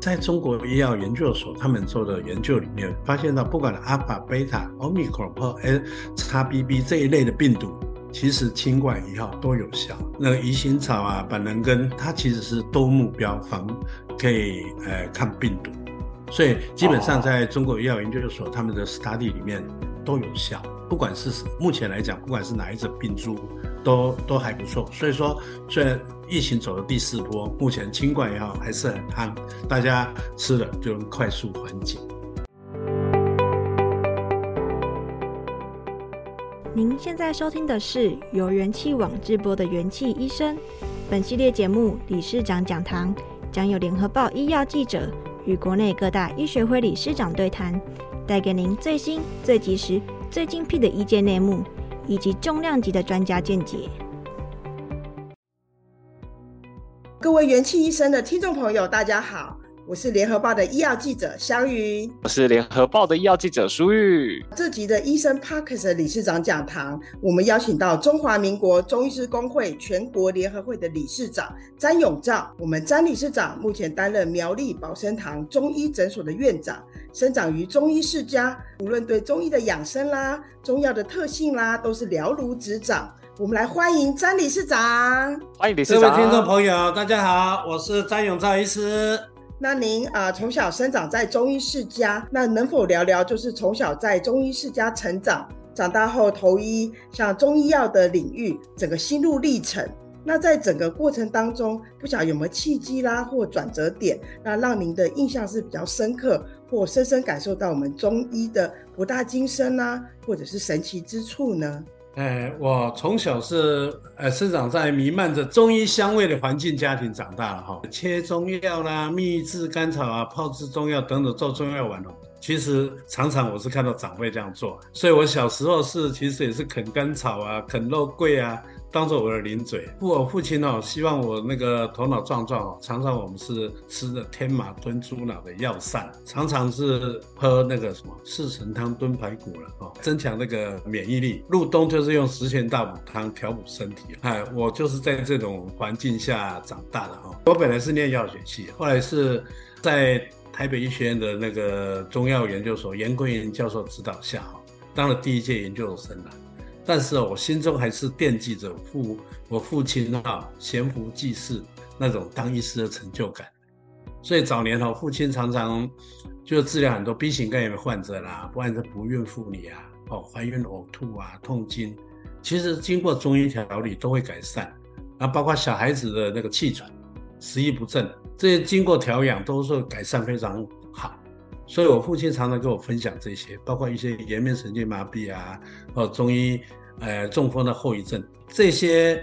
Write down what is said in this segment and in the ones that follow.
在中國醫藥研究所，他們做的研究裡面發現到，不管 Alpha、Beta、Omicron 或 XBB 這一類的病毒，其實清冠一號都有效。那個魚腥草啊、板藍根，它其實是多目標防，可以呃抗病毒，所以基本上在中國醫藥研究所他們的 study 裡面都有效，不管是目前來講，不管是哪一種病株。都都還不錯，所以說雖然疫情走到第四波，目前清冠也好還是很夯，大家吃了就能快速緩解。您現在收聽的是由元氣網直播的《元氣醫生》，本系列節目，理事長講堂將有聯合報醫藥記者與國內各大醫學會理事長對談，帶給您最新、最及時、最精闢的醫界內幕，以及重量級的專家見解。各位元氣醫生的聽眾朋友，大家好。我是聯合報的醫藥記者香云，我是聯合報的醫藥記者蘇玉。這集的醫生 p a r k s 的理事長講堂，我們邀請到中華民國中醫師工會全國聯合會的理事長詹永照。我們詹理事長目前擔任苗栗保生堂中醫診所的院長，生長於中醫世家，無論對中醫的養生啦、中藥的特性啦，都是了如指掌。我們來歡迎詹理事長，歡迎李司長。各位聽眾朋友，大家好，我是詹永照醫師。那您啊，從小生長在中醫世家，那能否聊聊，就是從小在中醫世家成長，長大後投醫，像中醫藥的領域，整個心路歷程？那在整個過程當中，不曉得有沒有契機啦或轉折點，那讓您的印象是比較深刻或深深感受到我們中醫的博大精深啦、啊，或者是神奇之處呢？呃，我從小是呃生長在瀰漫着中醫香味的環境家庭長大的哈、哦，切中藥啦、蜜製甘草啊、炮製中藥等等做中藥丸哦。其實常常我是看到長輩這樣做，所以我小時候是其實也是啃甘草啊、啃肉桂啊。當做我的零嘴，我父親哦，希望我那個頭腦壯壯哦，常常我們是吃的天麻燉豬腦的藥膳，常常是喝那個什麼四神湯燉排骨了哦，增強那個免疫力。入冬就是用十全大補湯調補身體。哎，我就是在這種環境下長大的哈、哦。我本來是念藥學系，後來是在台北醫學院的那個中藥研究所顏焜熒教授指導下哈，當了第一屆研究生了。但是我心中還是惦記着父，我父親啊，懸壺濟世那種當醫師的成就感。所以早年頭父親常常就治療很多 B 型肝炎的患者啦，不管是不孕婦女啊，哦，懷孕嘔吐啊、痛經，其實經過中醫調理都會改善。啊，包括小孩子的那個氣喘、食欲不振，這些經過調養都是改善非常。所以，我父親常常跟我分享這些，包括一些顏面神經麻痹啊，哦，中醫，呃，中風的後遺症，這些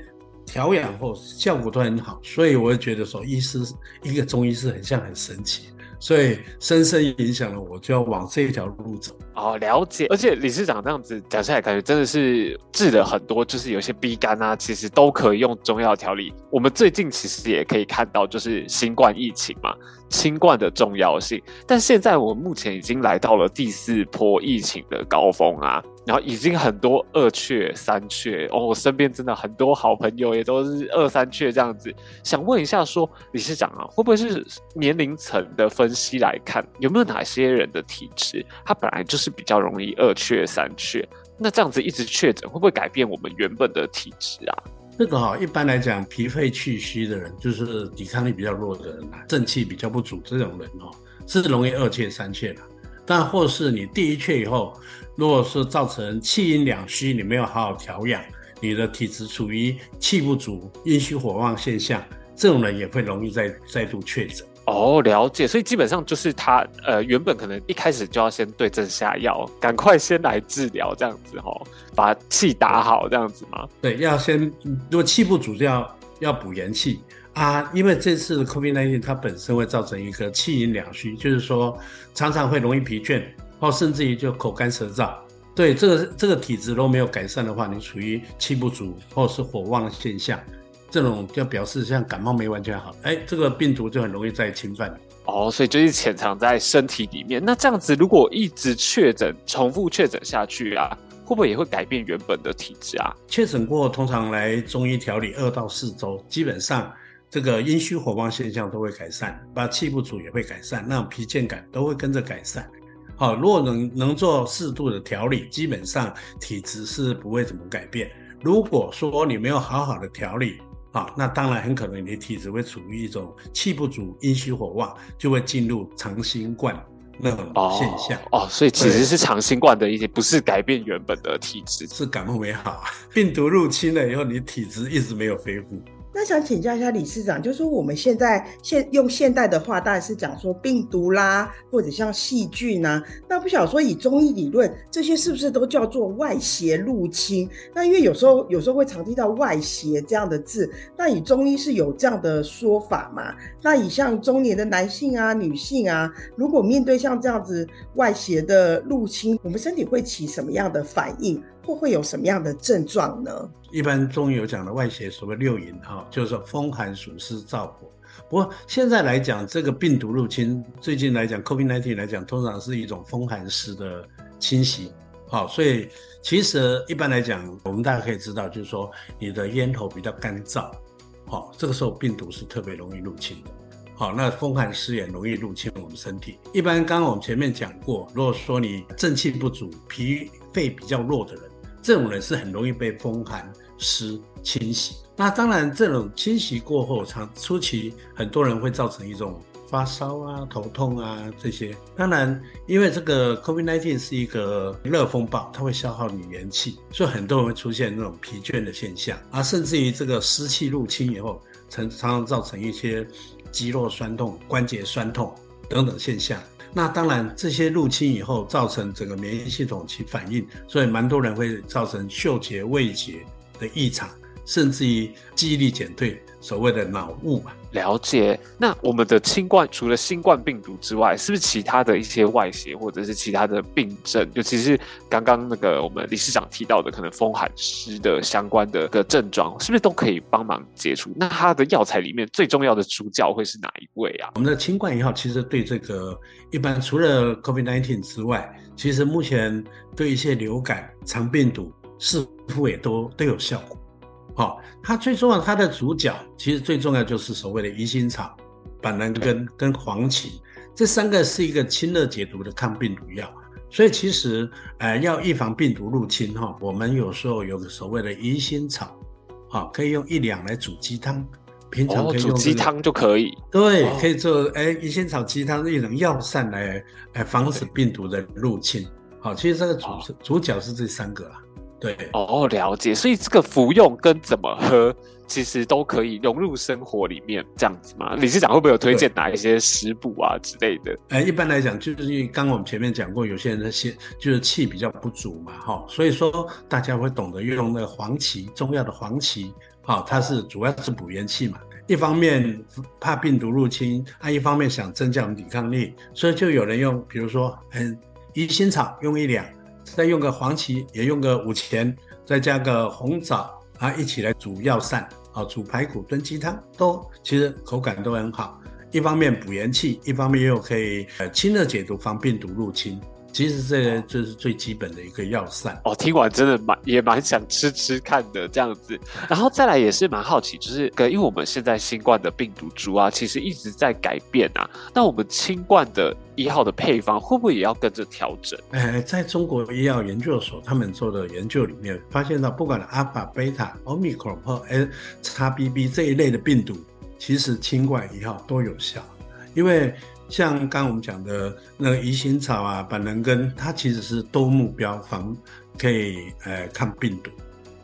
調養後效果都很好。所以，我會覺得說，醫師一個中醫師很像很神奇。所以深深影響了我，就要往這一條路走。哦，了解。而且理事長這樣子講下來，感覺真的是治了很多，就是有些鼻乾啊，其實都可以用中藥調理。我們最近其實也可以看到，就是新冠疫情嘛，清冠的重要性。但現在我目前已經來到了第四波疫情的高峰啊。然後已經很多二確三確哦，我身邊真的很多好朋友也都是二三確這樣子。想問一下說，說詹理事長啊，會不會是年齡層的分析來看，有沒有哪些人的體質，他本來就是比較容易二確三確？那這樣子一直確診，會不會改變我們原本的體質啊？這個哈、哦，一般來講，脾肺氣虛的人，就是抵抗力比較弱的人、啊，正氣比較不足這種人哦，是容易二確三確的。但或是你第一確以後。如果是造成氣陰兩虛，你沒有好好調養，你的體質處於氣不足、陰虛火旺現象，這種人也會容易再再度確診。哦，了解。所以基本上就是他，呃，原本可能一開始就要先對症下藥，趕快先來治療這樣子，哦，吼，把氣打好，嗯，這樣子嘛。對，要先如果氣不足，就要要補元氣啊，因為這次的 COVID-19 它本身會造成一個氣陰兩虛，就是說常常會容易疲倦。或甚至於就口乾舌燥，對這個這個體質都沒有改善的話，你處於氣不足或是火旺的現象，這種就表示像感冒沒完全好，哎，這個病毒就很容易再侵犯。哦，所以就是潛藏在身體裡面。那這樣子如果一直確診、重複確診下去啊，會不會也會改變原本的體質啊？確診過通常來中醫調理二到四周，基本上這個陰虛火旺現象都會改善，把氣不足也會改善，那種疲倦感都會跟着改善。好、哦，如果能能做適度的調理，基本上體質是不會怎麼改變。如果說你沒有好好的調理啊、哦，那當然很可能你的體質會處於一種氣不足、陰虛火旺，就會進入長新冠那種現象哦。哦，所以其實是長新冠的一些，是不是改變原本的體質？是感冒沒好，病毒入侵了以後，你體質一直沒有恢復。那想請教一下理事長，就是說我們現在現用現代的話，大概是講說病毒啦，或者像細菌吶、啊，那不曉說以中醫理論，這些是不是都叫做外邪入侵？那因為有時候有時候會常聽到外邪這樣的字，那以中醫是有這樣的說法嗎？那以像中年的男性啊、女性啊，如果面對像這樣子外邪的入侵，我們身體會起什麼樣的反應？會會有什麼樣的症狀呢？一般中醫有講的外邪，所謂六淫，哈，就是說風寒暑濕燥火。不過現在來講，這個病毒入侵，最近來講，COVID-19 來講，通常是一種風寒濕的侵襲，好，所以其實一般來講，我們大家可以知道，就是說你的咽喉比較乾燥，好，這個時候病毒是特別容易入侵的，好，那風寒濕也容易入侵我們身體。一般剛剛我們前面講過，如果說你正氣不足、脾肺比較弱的人，這種人是很容易被風寒濕侵襲，那當然這種侵襲過後，常初期很多人會造成一種發燒啊、頭痛啊這些。當然，因為這個 COVID-19 是一個熱風暴，它會消耗你元氣，所以很多人會出現那種疲倦的現象，而、啊、甚至於這個濕氣入侵以後，常常常造成一些肌肉痠痛、關節痠痛等等現象。那當然，這些入侵以後造成整個免疫系統起反應，所以蠻多人會造成嗅覺、味覺的異常。甚至於記憶力減退，所謂的腦霧吧。了解。那我們的清冠除了新冠病毒之外，是不是其他的一些外邪或者是其他的病症，就尤其是剛剛那個我們理事長提到的，可能風寒濕的相關的個症狀，是不是都可以幫忙解除？那它的藥材裡面最重要的主角會是哪一位啊？我們的清冠一號其實對這個一般除了 COVID-19 之外，其實目前對一些流感、腸病毒似乎也都都有效果。好、哦，它最重要，它的主角其實最重要就是所謂的魚腥草、板藍根跟黃芪，這三個是一個清熱解毒的抗病毒藥。所以其實，呃要預防病毒入侵，哈、哦，我們有時候有個所謂的魚腥草，哈、哦，可以用一兩來煮雞湯，平常可以用、那個哦、煮雞湯就可以，對，哦、可以做誒魚腥草雞湯的一種藥膳來，哎、呃、防止病毒的入侵。好對、哦，其實這個主、哦、主角是這三個啦、啊。對，哦，了解。所以這個服用跟怎麼喝，其實都可以融入生活裡面，這樣子嘛。理事長會不會有推薦哪一些食補啊對之類的、呃？一般來講，就是剛、剛我們前面講過，有些人那些就是氣比較不足嘛，哈、哦，所以說大家會懂得用那個黃芪，中藥的黃芪，哈、哦，它是主要是補元氣嘛。一方面怕病毒入侵，它、啊、一方面想增加抵抗力，所以就有人用，比如說，嗯、呃，魚腥草用一兩。再用個黃芪，也用個五錢，再加個紅棗啊，一起來煮藥膳啊，煮排骨燉雞湯都其實口感都很好，一方面補元氣，一方面又可以呃清熱解毒，防病毒入侵。其實這就是最基本的一個藥膳哦。聽完真的蠻也蠻想吃吃看的這樣子，然後再來也是蠻好奇，就是因為我們現在新冠的病毒株啊，其實一直在改變啊。那我們清冠的一號的配方會不會也要跟着調整？誒、欸，在中國醫藥研究所他們做的研究裡面，發現到不管阿法、貝塔、奧密克戎或 XBB 這一類的病毒，其實清冠一號都有效，因為。像剛剛我們講的那個魚腥草啊、板藍根，它其實是多目標防，可以呃抗病毒，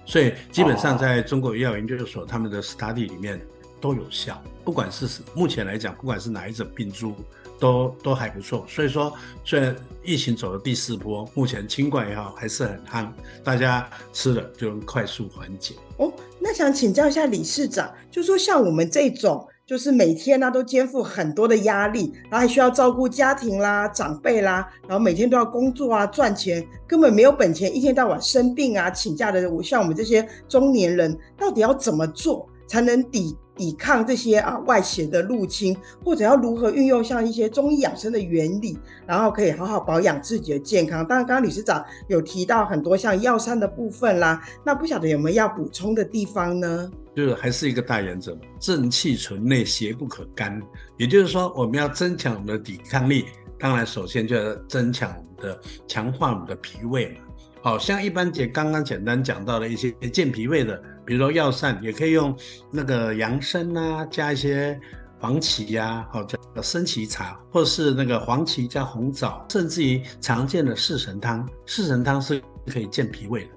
所以基本上在中國醫藥研究所、哦、他們的 study 裡面都有效，不管是目前來講，不管是哪一種病株，都都還不錯。所以說，雖然疫情走了第四波，目前清冠也好，還是很夯，大家吃了就能快速緩解。哦，那想請教一下理事長，就是說像我們這種。就是每天呢、啊、都肩負很多的壓力，然後還需要照顧家庭啦、長輩啦，然後每天都要工作啊、賺錢，根本沒有本錢。一天到晚生病啊、請假的，我像我們這些中年人，到底要怎麼做才能抵抵抗這些啊外邪的入侵，或者要如何運用像一些中醫養生的原理，然後可以好好保養自己的健康？當然，剛剛理事長有提到很多像藥膳的部分啦，那不曉得有沒有要補充的地方呢？就是還是一個大原則嘛，正氣存內，邪不可干。也就是說，我們要增強我們的抵抗力，當然首先就要增強我們的、強化我們的脾胃嘛。好、哦、像一般簡剛剛簡單講到了一些健脾胃的，比如說藥膳也可以用那個洋參啊，加一些黃芪呀、啊，好、哦、叫參芪茶，或是那個黃芪加紅棗，甚至於常見的四神湯，四神湯是可以健脾胃的，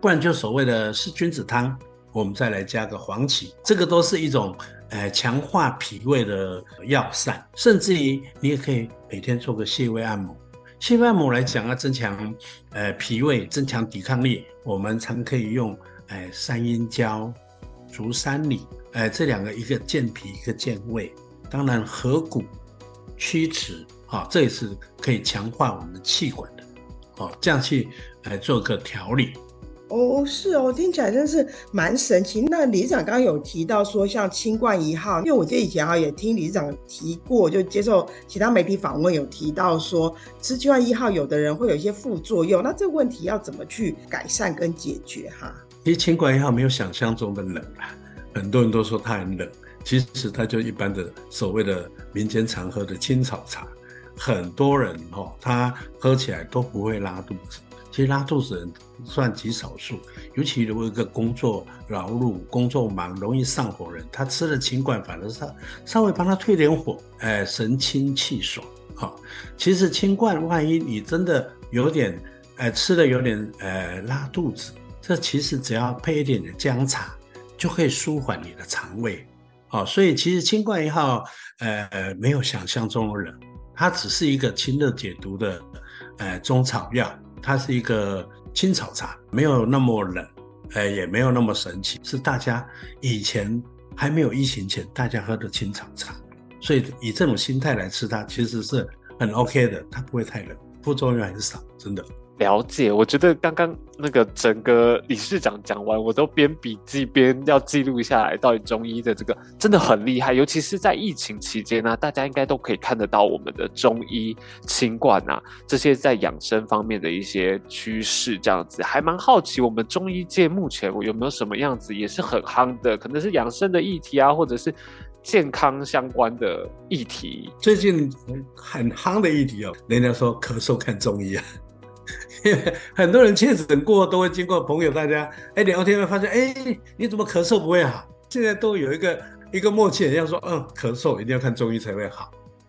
不然就所謂的四君子湯。我們再來加個黃芪，這個都是一種，呃，強化脾胃的藥膳，甚至於你也可以每天做個穴位按摩。穴位按摩來講啊，增強呃脾胃，增強抵抗力，我們常可以用，呃，三陰交、足三里，哎、呃，這兩個一個健脾，一個健胃。當然骨，合谷、曲池，啊，這也是可以強化我們的氣管的，哦，這樣去來、呃、做個調理。哦，是哦，聽起來真是蠻神奇。那理事長剛剛有提到說，像清冠一號，因為我記得以前哈也聽理事長提過，就接受其他媒體訪問有提到說，吃清冠一號有的人會有一些副作用，那這個問題要怎麼去改善跟解決哈？其實清冠一號沒有想象中的冷啊，很多人都說它很冷，其實它就一般的所謂的民間常喝的青草茶，很多人哈、哦、他喝起來都不會拉肚子。其實拉肚子人算極少數，尤其如果一個工作勞碌、工作忙、容易上火的人，他吃了清冠，反正是稍微幫他退點火，呃、神清氣爽。好、哦，其實清冠，萬一你真的有點，呃、吃了有點、呃，拉肚子，這其實只要配一點點薑茶，就可以舒緩你的腸胃。好、哦，所以其實清冠一號，呃，沒有想象中的冷，它只是一個清熱解毒的，呃，中草藥。它是一個青草茶，沒有那麼冷，哎，也沒有那麼神奇，是大家以前還沒有疫情前大家喝的青草茶，所以以這種心態來吃它，其實是很 OK 的，它不會太冷，副作用很少，真的。了解，我覺得剛剛那個整個理事長講完，我都邊筆記邊要記錄下來。到底中醫的這個真的很厲害，尤其是在疫情期間呢啊，大家應該都可以看得到我們的中醫清冠啊這些在養生方面的一些趨勢這樣子，還蠻好奇我們中醫界目前有沒有什麼樣子也是很夯的，可能是養生的議題啊，或者是健康相關的議題。最近很夯的議題哦，人家說咳嗽看中醫啊。 很多人確診過後都會經過朋友，大家哎聊天會發現，哎，你怎麼咳嗽不會好？現在都有一個一個默契，人家說，嗯，咳嗽一定要看中醫才會好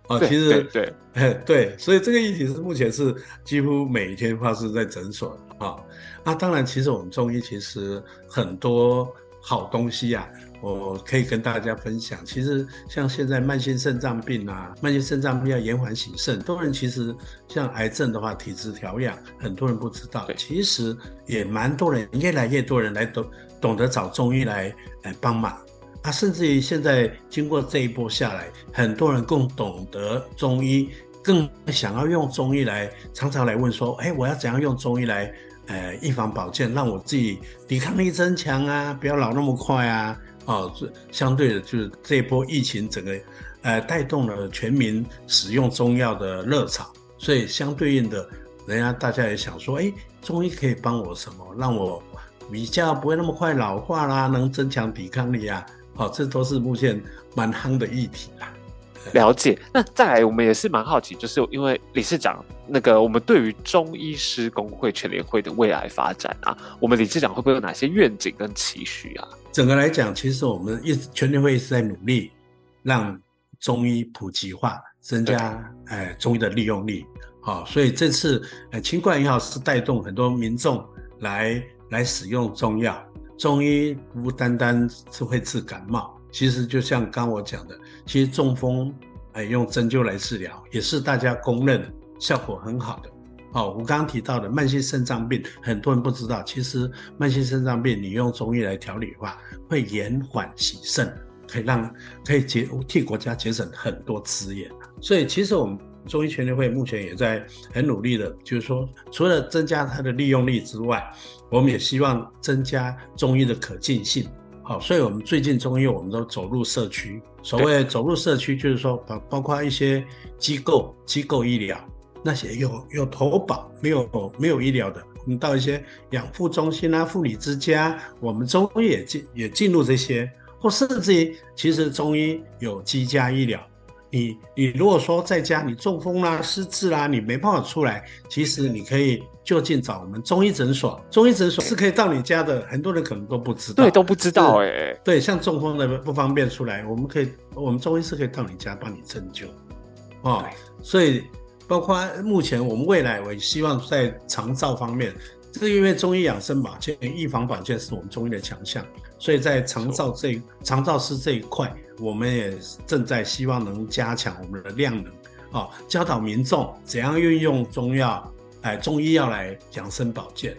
啊。哦、對其實對，對、哎，對，所以這個議題是目前是幾乎每一天發生在診所、哦、啊。那當然，其實我們中醫其實很多好東西啊。我可以跟大家分享，其實像現在慢性腎臟病啊，慢性腎臟病要延緩洗腎，多人其實像癌症的話，體質調養，很多人不知道，其實也蠻多人，越來越多人來懂懂得找中醫來來、呃、幫忙啊，甚至於現在經過這一波下來，很多人更懂得中醫，更想要用中醫來，常常來問說，哎，我要怎樣用中醫來呃預防保健，讓我自己抵抗力增強啊，不要老那麼快啊。哦，這相對的，就是這一波疫情整個，呃，帶動了全民使用中藥的熱潮，所以相對應的，人家大家也想說，哎，中醫可以幫我什麼，讓我比較不會那麼快老化啦，能增強抵抗力啊，好、哦，這都是目前蠻夯的議題啊。了解，那再來，我們也是蠻好奇，就是因為理事長那個，我們對於中醫師公會全聯會的未來發展啊，我們理事長會不會有哪些願景跟期許啊？整個來講，其實我們一直全體會一直在努力，讓中醫普及化，增加哎、呃、中醫的利用率。好、哦，所以這次呃清冠藥是帶動很多民眾來來使用中藥。中醫不單單是會治感冒，其實就像剛，剛我講的，其實中風哎、呃、用針灸來治療，也是大家公認效果很好的。哦，我剛剛提到的慢性腎臟病，很多人不知道。其實慢性腎臟病，你用中醫來調理的話，會延緩洗腎，可以讓可以節替國家節省很多資源。所以，其實我們中醫全聯會目前也在很努力的，就是說，除了增加它的利用率之外，我們也希望增加中醫的可近性。好、哦，所以我們最近中醫，我們都走入社區。所謂走入社區，就是說包包括一些機構機構醫療。那些有有投保沒有沒有醫療的，你到一些養護中心啊、婦女之家，我們中醫也進也進入這些，或甚至於，其實中醫有居家醫療。你你如果說在家你中風啦、啊、失智啦、啊，你沒辦法出來，其實你可以就近找我們中醫診所。中醫診所是可以到你家的，對很多人可能都不知道。對，都不知道哎、欸。對，像中風的不方便出來，我們可以我們中醫是可以到你家幫你針灸，哦，對所以。包括目前我們未來，我也希望在長照方面，就是因為中醫養生保健，預防保健是我們中醫的強項，所以在長照這長照師這一塊，我們也正在希望能加強我們的量能，哦、教導民眾怎樣運用中藥、呃，中醫藥來養生保健。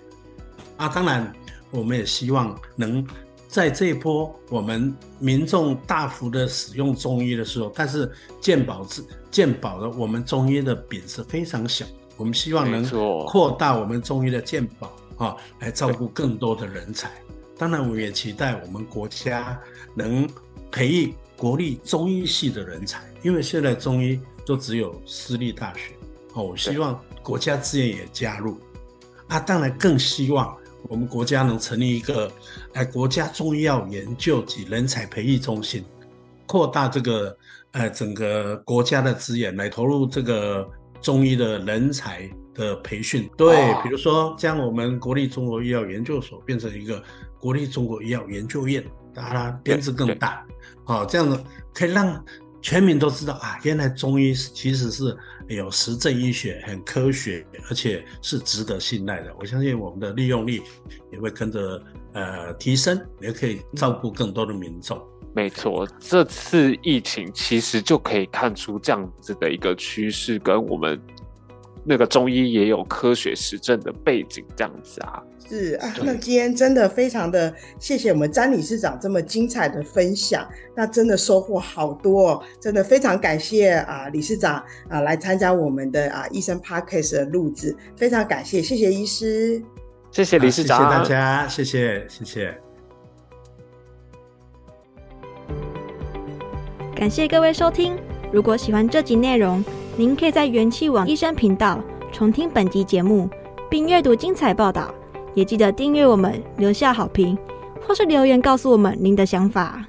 啊，當然，我們也希望能。在這一波我們民眾大幅的使用中醫的時候，但是健保是健保的，我們中醫的餅是非常小。我們希望能擴大我們中醫的健保啊，來照顧更多的人才。當然，我也期待我們國家能培育國立中醫系的人才，因為現在中醫都只有私立大學。哦，我希望國家資源也加入啊，當然更希望。我們國家能成立一個，哎，國家中醫藥研究及人才培育中心，擴大這個，呃，整個國家的資源來投入這個中醫的人才的培訓。對，哇比如說將我們國立中國醫藥研究所變成一個國立中國醫藥研究院，當然它編制更大，好，哦，這樣子可以讓。全民都知道啊，原來中醫其實是有實證醫學，很科學，而且是值得信賴的。我相信我們的利用率也會跟着呃提升，也可以照顧更多的民眾。嗯、沒錯，這次疫情其實就可以看出這樣子的一個趨勢，跟我們那個中醫也有科學實證的背景這樣子啊。是啊，那今天真的非常的謝謝我們詹理事長這麼精彩的分享，那真的收穫好多，哦，真的非常感謝啊，理事長啊來參加我們的啊醫生 Podcast 的錄製，非常感謝，謝謝醫師，謝謝理事長，啊、謝謝大家謝謝謝謝，謝謝，感謝各位收聽。如果喜歡這集內容，您可以在元氣網醫生頻道重聽本集節目，並閱讀精彩報道。也記得訂閱我們，留下好評，或是留言告訴我們您的想法。